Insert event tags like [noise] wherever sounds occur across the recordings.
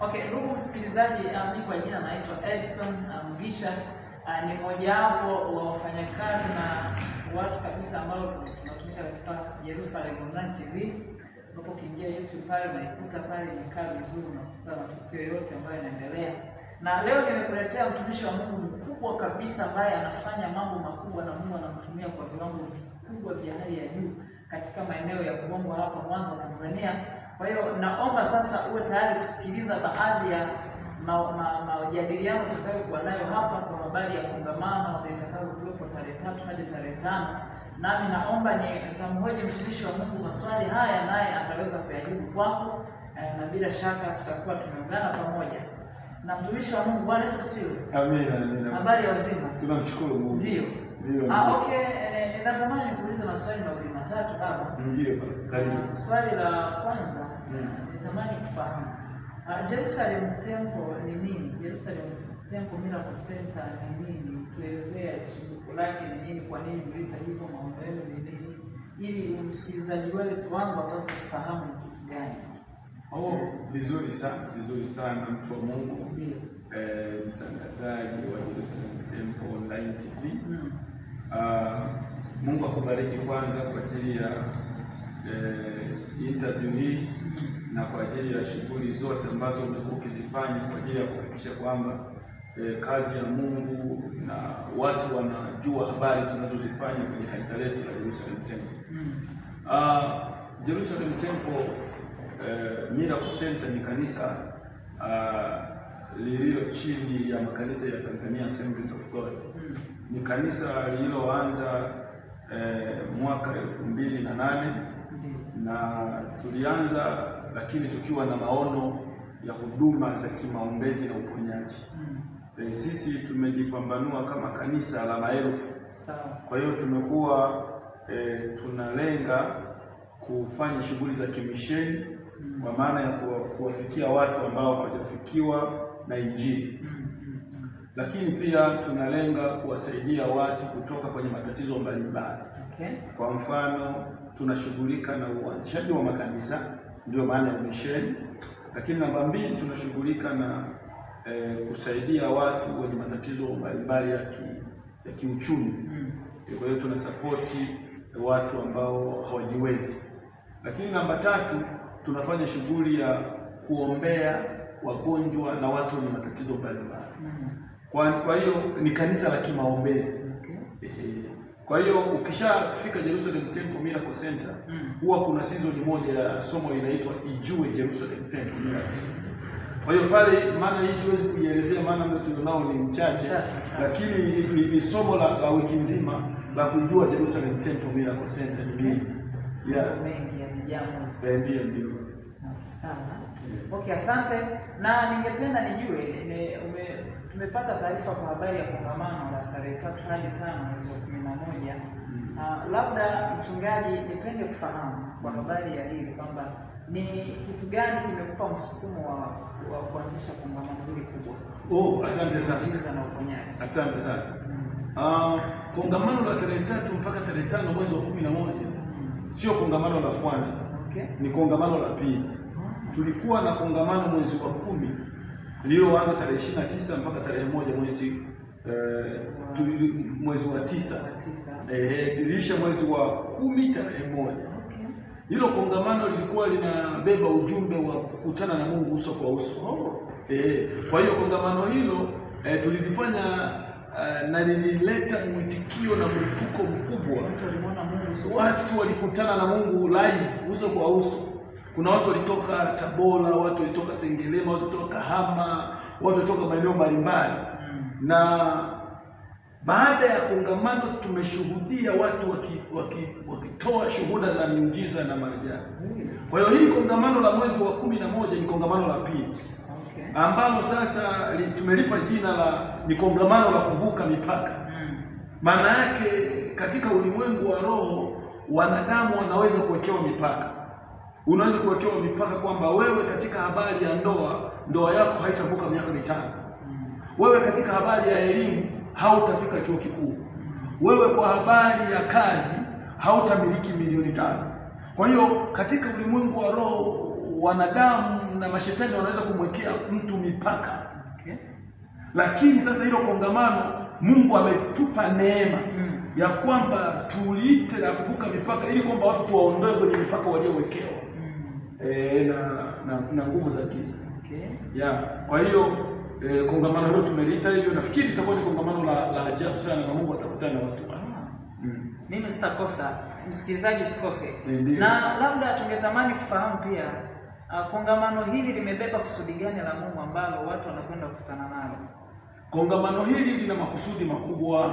Okay, ndugu msikilizaji, mimi ah, kwa jina naitwa Edson ah, Mugisha. Uh, ni mojawapo wa wafanyakazi na watu kabisa ambao tunatumika katika Jerusalem Online TV. Unapokiingia YouTube pale unaikuta pale imekaa vizuri, unakuta matukio yote ambayo yanaendelea. Na leo nimekuletea mtumishi wa Mungu mkubwa kabisa ambaye anafanya mambo makubwa na Mungu anamtumia kwa viwango vikubwa vya hali ya juu katika maeneo ya Ubongo hapa Mwanza, Tanzania. Kwa hiyo naomba sasa uwe tayari kusikiliza baadhi ya majadiliano ma, ma, tutakayokuwa nayo hapa kwa habari ya kongamano litakalokuwepo tarehe tatu hadi tarehe tano. Nami naomba ni kamhoji mtumishi wa Mungu maswali haya, naye ataweza kuyajibu kwako, eh, na bila shaka tutakuwa tumeungana pamoja na mtumishi wa Mungu. Bwana Yesu asifiwe. Amina, amina. Habari ya uzima, tunamshukuru Mungu. Ndio, ndio. Ah, okay, eh, eh, natamani nikuulize maswali mawili matatu hapa. Mm. Ndio karibu. Swali la kwanza mm. nitamani kufahamu uh, Jerusalem Temple ni nini? Jerusalem Temple Miracle Center ni nini? Tuelezea chimbuko lake ni nini, kwa nini mlita hivyo, maono yenu ni nini, ili umsikilizaji wetu wangu aweze kufahamu ni kitu gani. Oh, vizuri sana, vizuri sana mtu wa Mungu. Ndiyo. Eh, mtangazaji wa Jerusalem Temple Online TV. Mm. Uh, Mungu akubariki kwanza kwa ajili ya eh, interview hii na kwa ajili ya shughuli zote ambazo umekuwa ukizifanya kwa ajili ya kuhakikisha kwamba eh, kazi ya Mungu na watu wanajua habari tunazozifanya kwenye kanisa letu la Jerusalem Temple. Mm. Uh, Jerusalem Temple eh, Miracle Center ni kanisa uh, lililo chini ya makanisa ya Tanzania Assemblies of God. Mm. Ni kanisa lililoanza eh, mwaka elfu mbili na nane na tulianza lakini tukiwa na maono ya huduma za kimaombezi na uponyaji. E, sisi tumejipambanua kama kanisa la maelfu. Kwa hiyo tumekuwa e, tunalenga kufanya shughuli za kimisheni mm. kwa maana ya kuwafikia watu ambao hawajafikiwa na Injili. Mm lakini pia tunalenga kuwasaidia watu kutoka kwenye matatizo mbalimbali. Okay. Kwa mfano tunashughulika na uanzishaji wa makanisa, ndio maana ya misheni, lakini namba mbili tunashughulika na e, kusaidia watu wenye matatizo mbalimbali ya ki, ya kiuchumi. Mm. Kwa hiyo tunasapoti watu ambao hawajiwezi, lakini namba tatu tunafanya shughuli ya kuombea wagonjwa na watu wenye matatizo mbalimbali. Mm. Kwa kwa hiyo ni kanisa la kimaombezi. Okay. Eh, kwa hiyo ukishafika Jerusalem Temple Miracle Center hmm. huwa kuna season moja ya somo inaitwa Ijue Jerusalem Temple Miracle Center. Kwa hiyo pale, maana hii siwezi kuielezea, maana ndio tulionao ni mchache, lakini ni, ni, ni somo la, la wiki nzima la kujua Jerusalem Temple Miracle Center ni nini. Yeah. Eh, ndio ndio ndio. Sawa. Eh. Okay, asante. Na ningependa nijue ume Tumepata taarifa kwa habari ya kongamano la tarehe tatu hadi tano mwezi wa kumi na moja. Uh, labda mchungaji, nipende kufahamu kwa habari ya hili kwamba ni kitu gani kimekupa msukumo wa, wa kuanzisha kongamano hili kubwa? Oh, asante sana. Miujiza na uponyaji. Asante sana. Uh, kongamano la tarehe tatu mpaka tarehe tano mwezi wa kumi na moja hmm. sio kongamano la kwanza. Okay. Ni kongamano la pili. Hmm. Tulikuwa na kongamano mwezi wa kumi lililoanza tarehe 29 mpaka tarehe moja mwezi eh, mwezi wa tisa eh, dirisha mwezi wa kumi tarehe moja hilo kongamano lilikuwa linabeba ujumbe wa kukutana na Mungu uso kwa uso. Oh. E, kwa hiyo kongamano hilo e, tulilifanya uh, na lilileta mwitikio na mlipuko mkubwa. Watu walikutana na Mungu live uso kwa uso. Kuna watu walitoka Tabora, watu walitoka Sengerema, watu walitoka Kahama, watu walitoka maeneo mbalimbali mm. na baada ya kongamano tumeshuhudia watu wakitoa waki, waki shuhuda za miujiza na maajabu. Mm. Kwa hiyo hili kongamano la mwezi wa kumi na moja ni kongamano la pili okay, ambalo sasa li, tumelipa jina la ni kongamano la kuvuka mipaka. Mm. Maana yake katika ulimwengu wa roho wanadamu wanaweza kuwekewa mipaka unaweza kuwekewa mipaka kwamba wewe katika habari ya ndoa, ndoa yako haitavuka miaka mitano. Wewe katika habari ya elimu hautafika chuo kikuu. Wewe kwa habari ya kazi hautamiliki milioni tano. Kwa hiyo katika ulimwengu wa roho, wanadamu na mashetani wanaweza kumwekea mtu mipaka okay. Lakini sasa hilo kongamano Mungu ametupa neema mm. ya kwamba tuliite na kuvuka mipaka ili kwamba watu tuwaondoe kwenye mipaka waliowekewa e, na, na na nguvu za giza okay. Yeah, kwa hiyo e, kongamano hilo tumeliita hivyo. Nafikiri itakuwa ni kongamano la, la ajabu sana na Mungu atakutana na watu ah. mm. Mimi sitakosa, msikilizaji usikose. Na labda tungetamani kufahamu pia uh, kongamano hili limebeba kusudi gani la Mungu ambalo watu wanakwenda kukutana nalo. Kongamano hili lina makusudi makubwa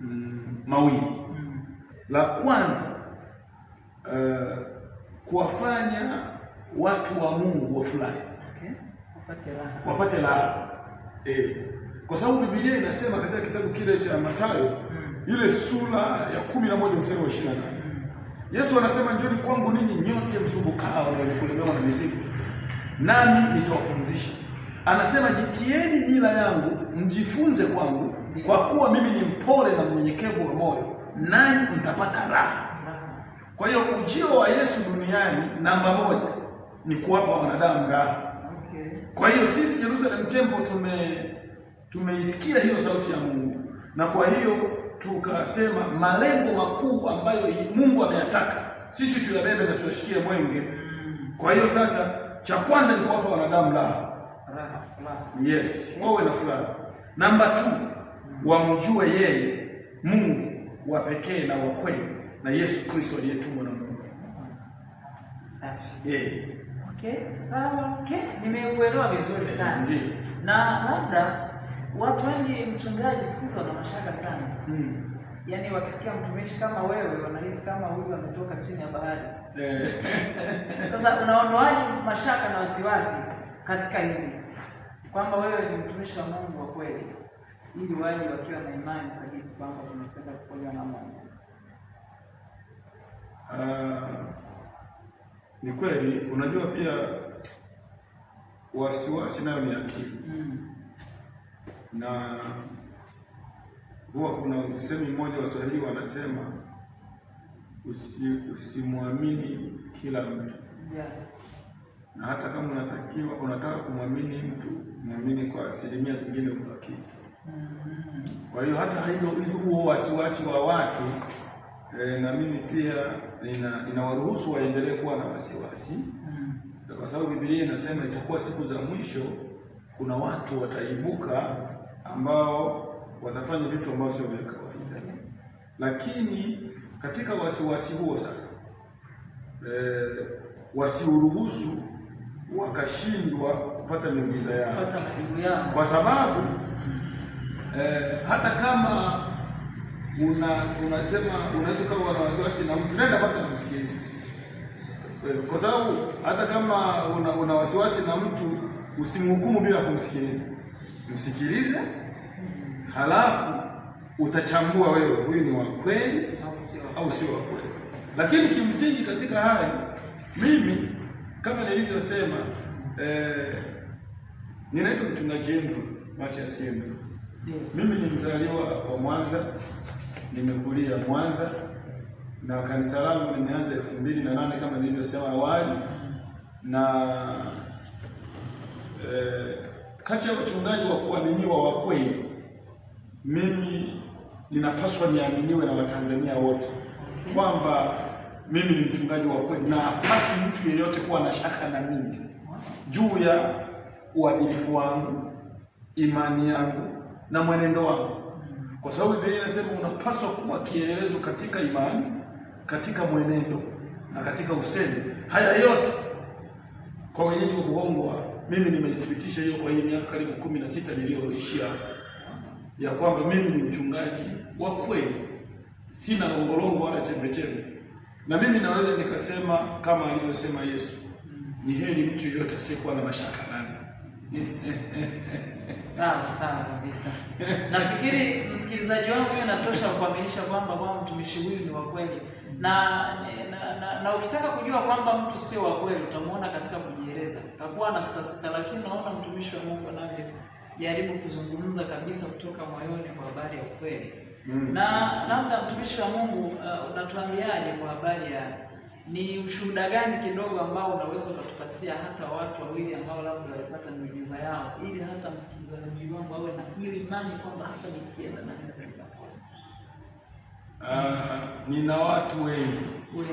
mm, mawili mm. La kwanza uh, kuwafanya watu wa Mungu wafurahi, okay, wapate raha, wapate eh, kwa sababu Biblia inasema katika kitabu kile cha Mathayo hmm, ile sura ya kumi na moja mstari wa ishirini na hmm. Yesu anasema njoni kwangu ninyi nyote msumbukao na wenye kulemewa na mizigo, nami nitawapumzisha. Anasema jitieni mila yangu mjifunze kwangu, kwa kuwa mimi ni mpole na mnyenyekevu wa moyo, nani mtapata raha kwa hiyo ujio wa Yesu duniani namba moja ni kuwapa wanadamu raha. Okay. Kwa hiyo sisi Jerusalem Temple tume tumeisikia hiyo sauti ya Mungu na kwa hiyo tukasema malengo makuu ambayo Mungu ameyataka sisi tuyabebe na tuyashikie mwenge. Mm. Kwa hiyo sasa, cha kwanza ni kuwapa wanadamu raha, yes, wawe na furaha. Namba 2 mm. wamjue yeye Mungu wa pekee na wa kweli na Yesu Kristo aliyetumwa na Mungu. Safi. Eh. Okay, sawa. Okay, nimekuelewa vizuri sana. Ndiyo. Na labda watu wengi mchungaji, siku hizi wana mashaka sana. Mm. Yaani wakisikia mtumishi kama wewe wanahisi kama huyu ametoka chini ya bahari. Ee. [laughs] Sasa unaondoaje mashaka na wasiwasi katika hili kwamba wewe ni mtumishi wa Mungu wa kweli, ili waje wakiwa na imani thabiti kwamba tunakwenda kuponya na Mungu ni kweli. Unajua pia wasiwasi nayo ni akili mm. na huwa kuna usemi mmoja wa Swahili wanasema usimwamini kila mtu yeah. na hata kama unatakiwa unataka kumwamini mtu mwamini kwa asilimia zingine ubakizi mm. Mm-hmm. kwa hiyo hata hizo huo wasiwasi wa watu e, na mimi pia ina, inawaruhusu waendelee kuwa na wasiwasi mm. Kwa sababu Biblia inasema itakuwa siku za mwisho, kuna watu wataibuka ambao watafanya vitu ambavyo sio vya kawaida, lakini katika wasiwasi huo sasa e, wasiuruhusu wakashindwa kupata miujiza yao, kwa sababu e, hata kama una unasema unaweza kama una wasiwasi na mtu nenda hata kumsikiliza, eh, kwa sababu hata kama una, una wasiwasi na mtu usimhukumu bila kumsikiliza. Msikilize, halafu utachambua wewe, huyu ni wa kweli au sio wa kweli. Lakini kimsingi katika haya, mimi kama nilivyosema, eh, ninaitwa mchungaji Andrew Matias Mimi ni mzaliwa wa Mwanza nimekulia Mwanza na kanisa langu nimeanza elfu mbili na nane kama nilivyosema awali, na eh, kati ya wachungaji wa kuaminiwa wa kweli, mimi ninapaswa niaminiwe na Watanzania wote kwamba mimi ni mchungaji wa kweli, na hapasi mtu yeyote kuwa na shaka na mimi juu ya uadilifu wangu, imani yangu na mwenendo wangu kwa sababu Biblia inasema unapaswa kuwa kielelezo katika imani, katika mwenendo na katika usemi. Haya yote kwa wenyeji wa Buhongwa, mimi nimeithibitisha hiyo kwa hii miaka karibu kumi na sita niliyoishia ya kwamba mimi ni mchungaji wa kweli, sina longolongo wala chembechembe, na mimi naweza nikasema kama alivyosema Yesu, ni heri mtu yeyote asiyekuwa na mashaka nani [laughs] Sawa sawa kabisa. Nafikiri msikilizaji wangu huyo natosha kuaminisha kwamba kwa mtumishi huyu ni wa kweli. Na na, na, na ukitaka kujua kwamba mtu sio wa kweli utamuona katika kujieleza. Utakuwa na sita sita, lakini naona mtumishi wa Mungu anavyo jaribu kuzungumza kabisa kutoka moyoni kwa habari ya ukweli. Mm. Na labda mtumishi wa Mungu uh, unatuambiaje kwa habari ya ni ushuhuda gani kidogo ambao unaweza ukatupatia hata watu wawili ambao labda walipata miujiza yao, ili hata msikilizaji wangu awe na hiyo imani kwamba hata nikienda na uh, nina watu wengi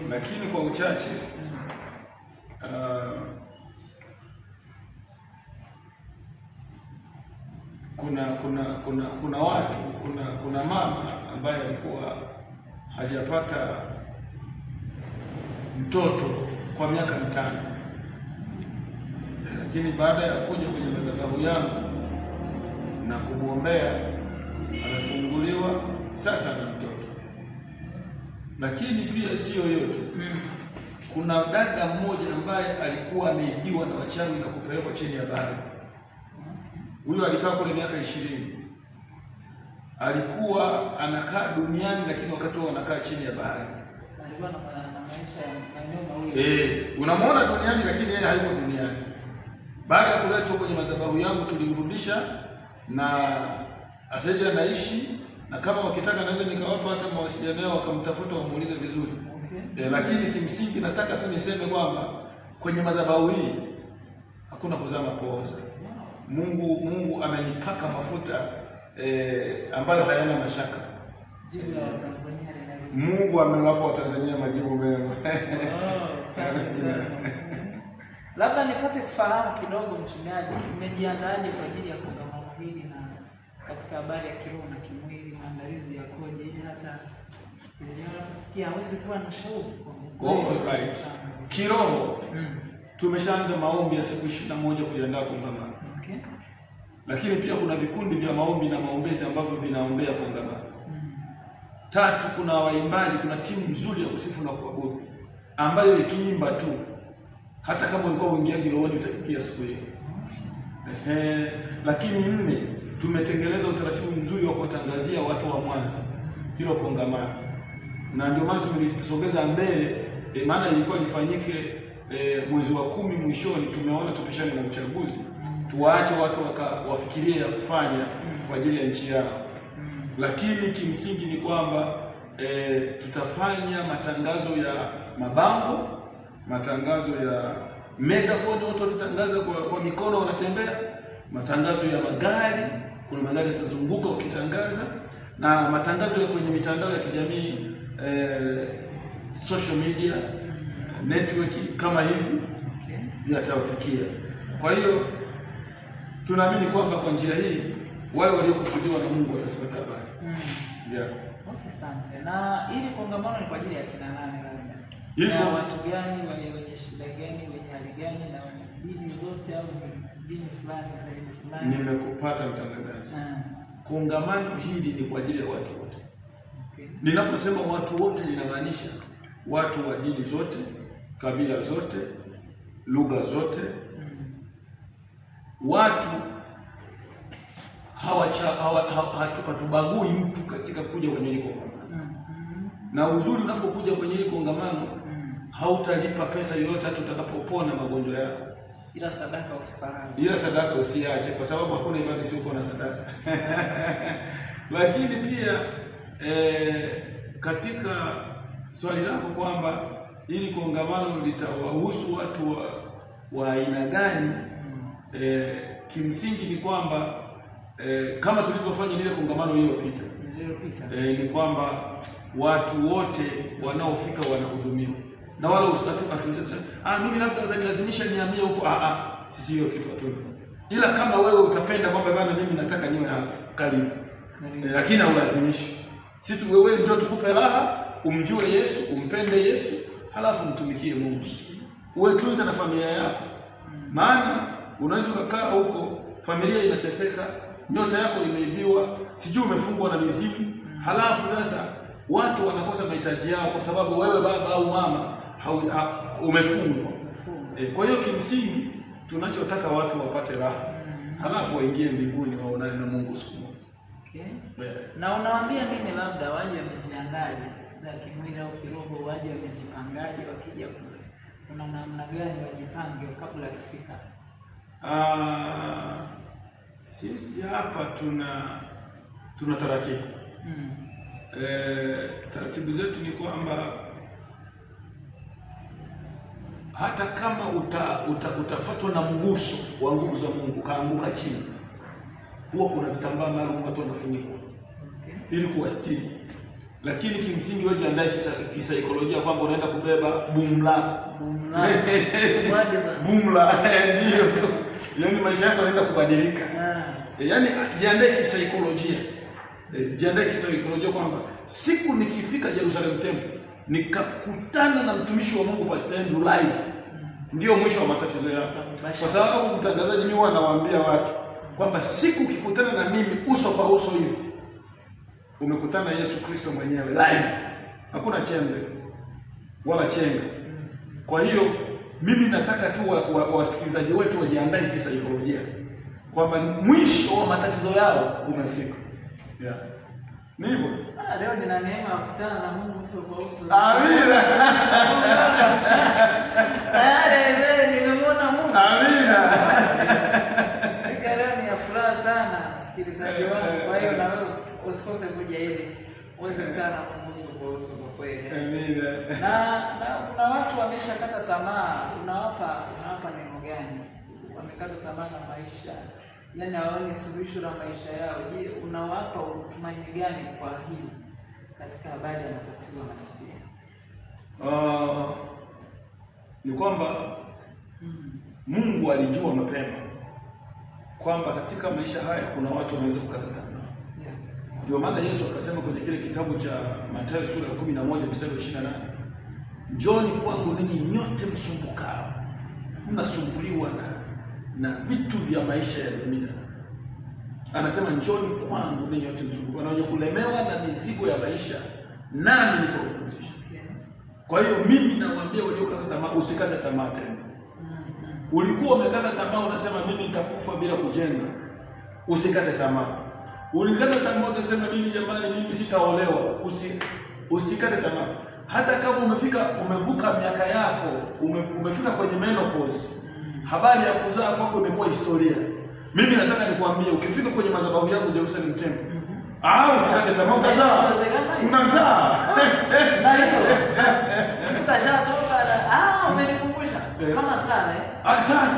lakini kwa uchache uh, kuna kuna kuna kuna watu kuna kuna mama ambaye alikuwa hajapata mtoto kwa miaka mitano, lakini baada ya kuja kwenye madhabahu yangu na kumwombea amefunguliwa sasa na mtoto. Lakini pia siyo yote, mm. kuna dada mmoja ambaye alikuwa ameibiwa na wachawi na kupelekwa chini ya bahari. Huyo alikaa kule miaka ishirini alikuwa anakaa duniani, lakini wakati huo anakaa chini ya bahari. Eh, unamwona duniani lakini yeye hayuko duniani. Baada ya kuletwa kwenye madhabahu yangu tulimrudisha na asije anaishi na kama wakitaka naweza nikawapa hata mawasiliano yao wakamtafuta wamuulize vizuri. Okay. E, lakini kimsingi nataka tu niseme kwamba kwenye madhabahu hii hakuna kuzama kuoza. Mungu Mungu amenipaka mafuta eh, ambayo hayana mashaka. Jina la Tanzania Mungu amewapa Watanzania majibu mema. Oh, sana [laughs] sana. Labda nipate kufahamu kidogo, mchungaji, umejiandaje kwa ajili ya kongamano hili, na katika habari ya kiroho na kimwili, maandalizi yakoje ili hata sikia hawezi kuwa na shauri oh, kiroho? Hmm. Tumeshaanza maombi ya siku ishirini na moja kujiandaa kongamano, okay. Lakini pia kuna vikundi vya maombi na maombezi ambavyo vinaombea kongamano Tatu, kuna waimbaji, kuna timu nzuri ya kusifu na kuabudu ambayo ikiimba tu hata kama ulikuwa uingiaji rohoni utakipiga siku hiyo. Ehe, lakini nne, tumetengeneza utaratibu mzuri wa kuwatangazia watu wa Mwanza hilo kongamano, na ndio maana tumelisogeza mbele e, maana ilikuwa lifanyike e, mwezi wa kumi mwishoni. Tumeona tupishane na uchaguzi, tuwaache watu waka wafikirie ya kufanya kwa ajili ya nchi yao lakini kimsingi ni kwamba e, tutafanya matangazo ya mabango, matangazo ya megafoni, watu watatangaza kwa, kwa mikono wanatembea, matangazo ya magari, kuna magari yatazunguka wakitangaza, na matangazo ya kwenye mitandao ya kijamii e, social media network kama hivi yatawafikia. Kwa hiyo tunaamini kwamba kwa njia hii wale waliokusudiwa na Mungu watazipata habari. Mm. Yeah. Okay, asante. Na ili kongamano ni kwa ajili ya kina nani labda? Ili kwa watu gani wenye wenye shida gani, wenye hali gani na wenye dini zote au dini fulani na dini fulani? Nimekupata mtangazaji. Mm. Kongamano hili ni kwa ajili ya watu wote. Okay. Ninaposema watu wote ninamaanisha watu wa dini zote, kabila zote, lugha zote. Mm. Watu hatubagui mtu katika kuja kwenye hili kongamano. Mm-hmm. Na uzuri unapokuja kwenye hili kongamano mm-hmm. hautalipa pesa yoyote hata utakapopona magonjwa yako, ila sadaka usisahau, ila sadaka usiache, kwa sababu hakuna ibada isiyokuwa na sadaka [laughs] lakini pia eh, katika swali lako kwamba hili kongamano litawahusu watu wa aina gani, E, kimsingi ni kwamba E, kama tulivyofanya lile kongamano lililopita e, ni kwamba watu wote wanaofika wanahudumiwa na wala ah, mimi labda lazimisha huko ah ah, Sisi hiyo kitu tu, ila kama wewe utapenda kwamba bana, mimi nataka niwe hapa, karibu, eh, lakini haulazimishi. Sisi wewe ndio tukupe raha, umjue Yesu, umpende Yesu, halafu mtumikie Mungu, tunza na familia yako, mm. maana unaweza ukakaa huko familia inateseka nyota yako imeibiwa, sijui umefungwa na mizimu. Halafu sasa watu wanakosa mahitaji yao kwa sababu wewe baba au mama hau, ha, umefungwa. E, kwa hiyo kimsingi tunachotaka watu wapate raha, halafu waingie mbinguni waonane na Mungu siku moja. Okay. Yeah. Na unawaambia nini labda waje wamejiandaje na kimwili au kiroho, waje wamejipangaje, wakija kuna namna gani wajipange kabla ya kufika? Ah, sisi hapa tuna tuna taratibu mm. E, taratibu zetu ni kwamba hata kama uta, uta, utapatwa na mguso wa nguvu za Mungu ukaanguka chini, huwa kuna vitambaa maalum watu wanafunikwa ili kuwastiri, lakini kimsingi wewe jiandae kisaikolojia kwamba unaenda kubeba bumla bumla [laughs] [laughs] ndio, yaani maisha yako yanaenda kubadilika yaani jiandae kisaikolojia, eh, jiandae kisaikolojia kwamba siku nikifika Jerusalem Temple nikakutana na mtumishi wa Mungu Pastor Andrew live, ndio mwisho wa matatizo yako. Kwa sababu mtangazaji, mimi huwa nawaambia watu kwamba siku ukikutana na mimi uso kwa uso hivi, umekutana Yesu Kristo mwenyewe live, hakuna chembe wala chenga. Kwa hiyo mimi nataka tu wasikilizaji wa, wa wetu wajiandae kisaikolojia kwamba mwisho wa matatizo yao umefika. Yeah. Ni hivyo. Ah, leo nina neema kukutana na Mungu uso kwa uso. Amina. Tayari leo nimeona Mungu. Amina. Sikia leo ni ya furaha sana msikilizaji wangu. Kwa hiyo na wewe usikose kuja ili Uweze kukutana na Mungu uso kwa uso kwa kweli. Amina. Na kuna watu wameshakata tamaa, unawapa unawapa neno gani? Wamekata tamaa na maisha yani hawaoni suluhisho la maisha yao. Je, unawapa utumaini gani kwa hili katika habari ya matatizo wanapitia? Uh, ah, ni kwamba hmm, Mungu alijua mapema kwamba katika maisha haya kuna watu wanaweza kukata tamaa. Ndio maana Yesu akasema kwenye kile kitabu cha Mathayo sura ya 11 mstari wa 28, Njoni kwangu ninyi nyote msumbukao, mnasumbuliwa na na vitu vya maisha ya dunia. Anasema njoni kwangu ninyi wote msumbukao na wenye kulemewa na mizigo ya maisha, nami nitawapumzisha. Kwa hiyo mimi nawaambia waliokata tamaa, usikate tamaa tena. Mm-hmm. Ulikuwa umekata tamaa unasema mimi nitakufa bila kujenga, usikate tamaa. Ulikata tamaa unasema mimi jamani, mimi sitaolewa, usi usikate tamaa. Hata kama umefika umevuka miaka yako, ume, umefika kwenye menopause habari ya kuzaa kwako imekuwa historia. Mimi nataka nikwambie, ukifika kwenye madhabahu yangu Jerusalem Temple, mhm. ah, usikate tamaa, ukazaa. unazaa sasa. [laughs] [laughs] nini ah, eh.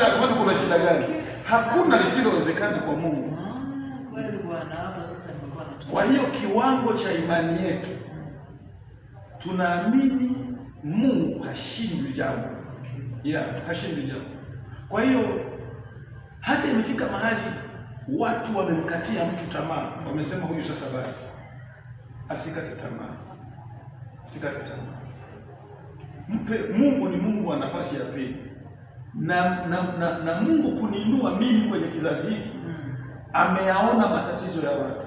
eh. ah, kuna shida gani? Hakuna lisilowezekana kwa Mungu. Ah, kwa hiyo kiwango cha imani yetu, tunaamini Mungu hashindwi jambo, yeah, hashindwi jambo. Kwa hiyo hata imefika mahali watu wamemkatia mtu tamaa, wamesema huyu sasa basi asikate tamaa, asikate tamaa. Mpe Mungu ni Mungu wa nafasi ya pili, na na, na, na Mungu kuniinua mimi kwenye kizazi hiki hmm. Ameyaona matatizo ya watu.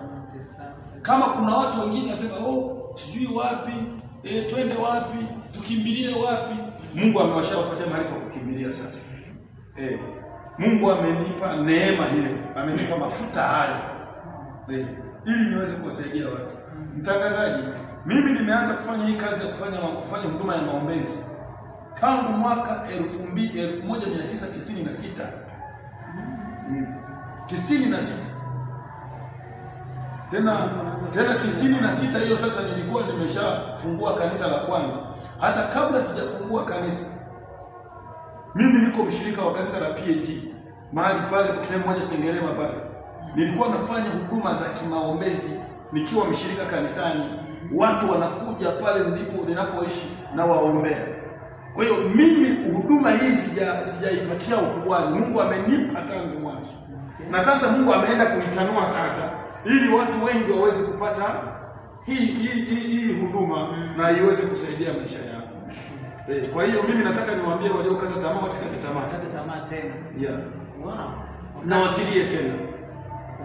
Kama kuna watu wengine wasema oh, sijui wapi e, twende wapi tukimbilie wapi, Mungu amewashawapatia mahali pa kukimbilia sasa Eh, Mungu amenipa neema hiyo, amenipa mafuta haya eh, ili niweze kuwasaidia watu. Mtangazaji, mimi nimeanza kufanya hii kazi ya kufanya kufanya huduma ya maombezi tangu mwaka elfu mbili elfu moja mia tisa tisini na sita hmm. tisini na sita tena tena tisini na sita hiyo sasa, nilikuwa nimeshafungua kanisa la kwanza, hata kabla sijafungua kanisa mimi niko mshirika wa kanisa la PAG mahali pale sehemu moja Sengerema pale, nilikuwa nafanya huduma za kimaombezi nikiwa mshirika kanisani, watu wanakuja pale ndipo ninapoishi na waombea. Kwa hiyo mimi huduma hii sija sijaipatia ukubwani Mungu amenipa tangu mwanzo, na sasa Mungu ameenda kuitanua sasa, ili watu wengi waweze kupata hii hii hii huduma na iweze kusaidia maisha yao. Eh, kwa hiyo mimi nataka niwaambie waliokata tamaa wasikate tamaa. Wasikate tamaa tena. Yeah. Unaona? Na wasilie tena.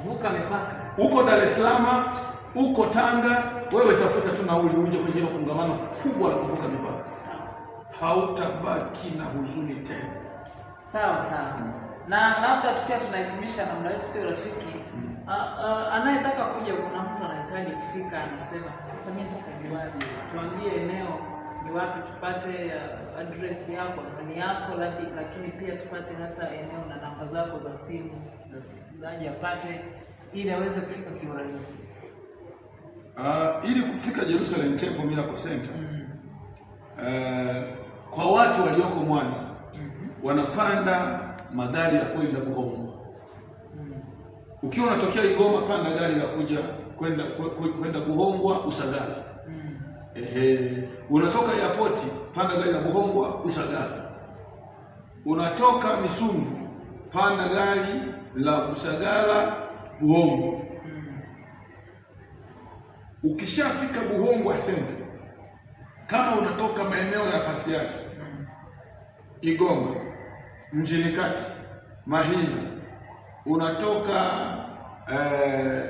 Vuka mipaka. Uko Dar es Salaam, uko Tanga, wewe tafuta tu nauli uje kwenye kongamano kubwa la kuvuka mipaka. Hautabaki na huzuni tena. Sawa sawa. Na labda tukiwa tunahitimisha na yetu sio rafiki. Hmm. Anayetaka kuja kuna mtu anahitaji kufika anasema sasa mimi nitakajuaje? Tuambie eneo ni wapi tupate uh, address yako, anwani yako, lakini pia tupate hata eneo na namba zako za simu za sikilizaji apate, ili aweze kufika kiurahisi. Uh, ili kufika Jerusalem Temple Miracle Center mm -hmm. uh, kwa watu walioko Mwanza mm -hmm. wanapanda magari ya kwenda Buhoma mm -hmm. ukiwa unatokea Igoma, panda gari la kuja kwenda kwenda Buhongwa Usagara Ehe, unatoka airport panda gari la Buhongwa Usagara, unatoka misungu panda gari la Usagara Buhongwa. Ukishafika Buhongwa Center, kama unatoka maeneo ya Pasiasi, Igoma, mjini kati, unatoka eh,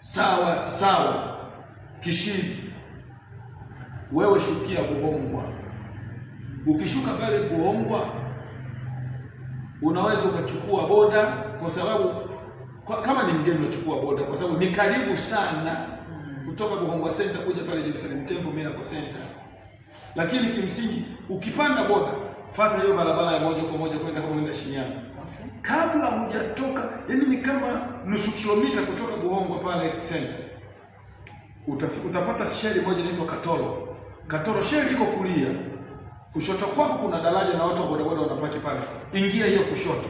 sawa sawa Kishiri wewe shukia kuhongwa. Ukishuka pale kuhongwa, unaweza ukachukua boda, kwa sababu kwa, kama ni mgeni unachukua boda, kwa sababu ni karibu sana kutoka Buhongwa Center kuja pale Jerusalem Temple Miracle Center. Lakini kimsingi ukipanda boda, fuata hiyo barabara ya moja kwa moja kwenda kama unaenda Shinyanga kabla hujatoka yani ni kama nusu kilomita kutoka Buhongwa pale center, utapata sheri moja inaitwa Katoro. Katoro liko iko kulia, kushoto kwako kuna daraja na watu wa bodaboda wanapaki pale, ingia hiyo kushoto.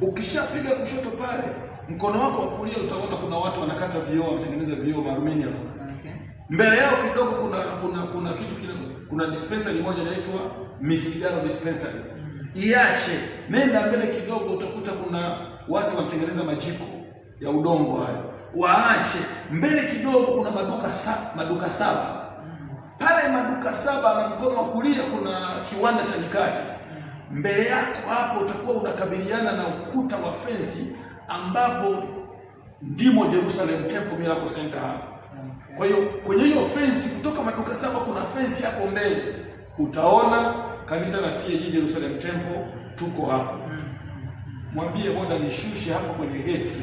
Ukishapiga kushoto pale, mkono wako wa kulia utaona kuna watu wanakata vioo, wanatengeneza vioo maaluminia okay. Mbele yao kidogo kuna kuna kuna kitu kile, kuna dispensary moja inaitwa Misigaro dispensary, mm-hmm. iache, nenda mbele kidogo, utakuta kuna watu wanatengeneza majiko ya udongo hayo, waache. Mbele kidogo kuna maduka sa, maduka saba pale maduka saba na mkono wa kulia kuna kiwanda cha mikate. Mbele yako hapo utakuwa unakabiliana na ukuta wa fensi ambapo ndimo Jerusalem Temple Miracle Center hapo. Kwa hiyo kwenye hiyo fensi kutoka maduka saba kuna fensi hapo mbele utaona kanisa la TAG Jerusalem Temple, tuko hapo. Mwambie boda nishushe hapo kwenye geti,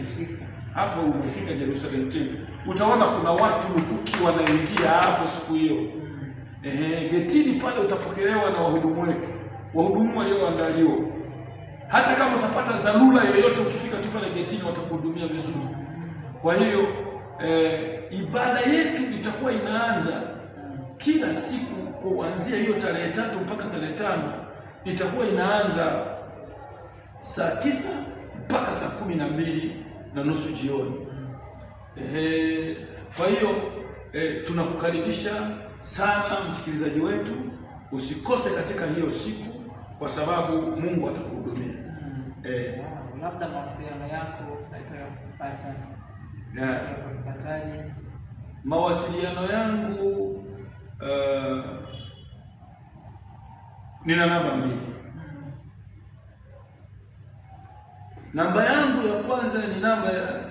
hapo umefika Jerusalem Temple utaona kuna watu lukuki wanaingia hapo siku hiyo. Ehe, getini pale utapokelewa na wahudumu wetu, wahudumu walioandaliwa. Hata kama utapata dharura yoyote, ukifika tu pale getini watakuhudumia vizuri. Kwa hiyo e, ibada yetu itakuwa inaanza kila siku kuanzia hiyo tarehe tatu mpaka tarehe tano itakuwa inaanza saa tisa mpaka saa kumi na mbili na nusu jioni. Ehe, kwa hiyo e, tunakukaribisha sana msikilizaji wetu, usikose katika hiyo siku, kwa sababu Mungu atakuhudumia. Mm. Eh, labda mawasiliano yako nataka kupata Mawasiliano yangu uh, nina namba mbili. Mm. Namba yangu ya kwanza ni namba ya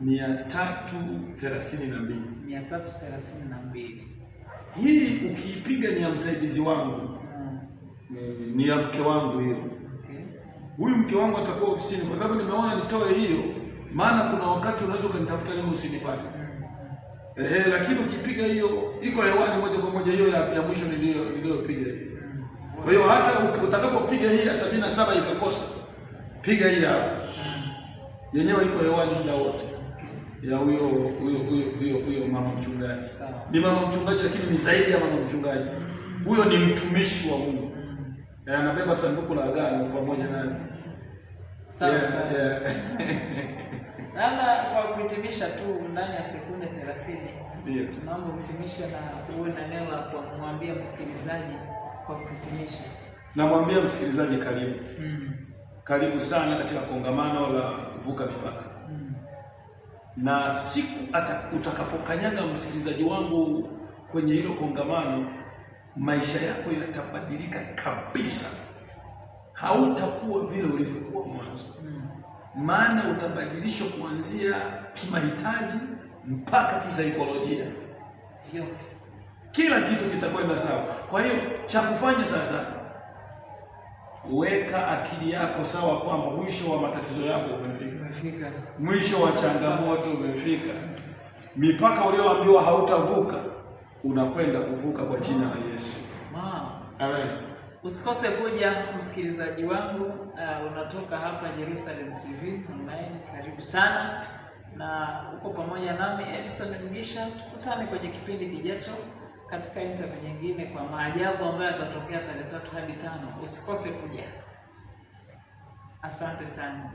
mia tatu thelathini na mbili mia tatu thelathini na mbili Hii ukiipiga ni ya msaidizi wangu hmm. ni ya mke wangu hiyo huyu mke wangu atakuwa ofisini, kwa sababu nimeona nitoe hiyo, maana kuna wakati unaweza ukanitafuta leo usinipate. Hmm. Ehe, lakini ukipiga hiyo iko hewani moja kwa moja, hiyo ya, ya mwisho niliyopiga hiyo. Kwa hiyo hata utakapopiga hii ya sabini na saba ikakosa, piga hii hapo hmm. yenyewe iko hewani muda wote ya huyo huyo huyo huyo huyo mama mchungaji. Sawa. Ni mama mchungaji lakini ni zaidi ya mama mchungaji. Huyo ni mtumishi wa Mungu. Na eh, anabeba sanduku la agano pamoja naye. Sawa. Yes, sawa. Yeah. [laughs] Labda kwa kuhitimisha tu ndani ya sekunde 30. Ndio. Tunaomba kuhitimisha na uwe na neno la kumwambia msikilizaji kwa kuhitimisha. Namwambia msikilizaji karibu. Mm. Karibu sana katika kongamano la kuvuka mipaka na siku utakapokanyaga, msikilizaji wangu, kwenye hilo kongamano, maisha yako yatabadilika kabisa. Hautakuwa vile ulivyokuwa mwanzo, hmm. maana utabadilishwa kuanzia kimahitaji mpaka kisaikolojia, yote kila kitu kitakwenda sawa. Kwa hiyo cha kufanya sasa weka akili yako sawa kwamba mwisho wa matatizo yako umefika, mwisho wa changamoto umefika, mipaka ulioambiwa hautavuka unakwenda kuvuka kwa jina la Yesu. Amen. Usikose kuja msikilizaji wangu. Uh, unatoka hapa Jerusalem TV online, karibu sana na uko pamoja nami Edison Mgisha. Tukutane kwenye kipindi kijacho katika interview nyingine kwa maajabu ambayo yatatokea tarehe tatu hadi tano. Usikose kuja. Asante sana.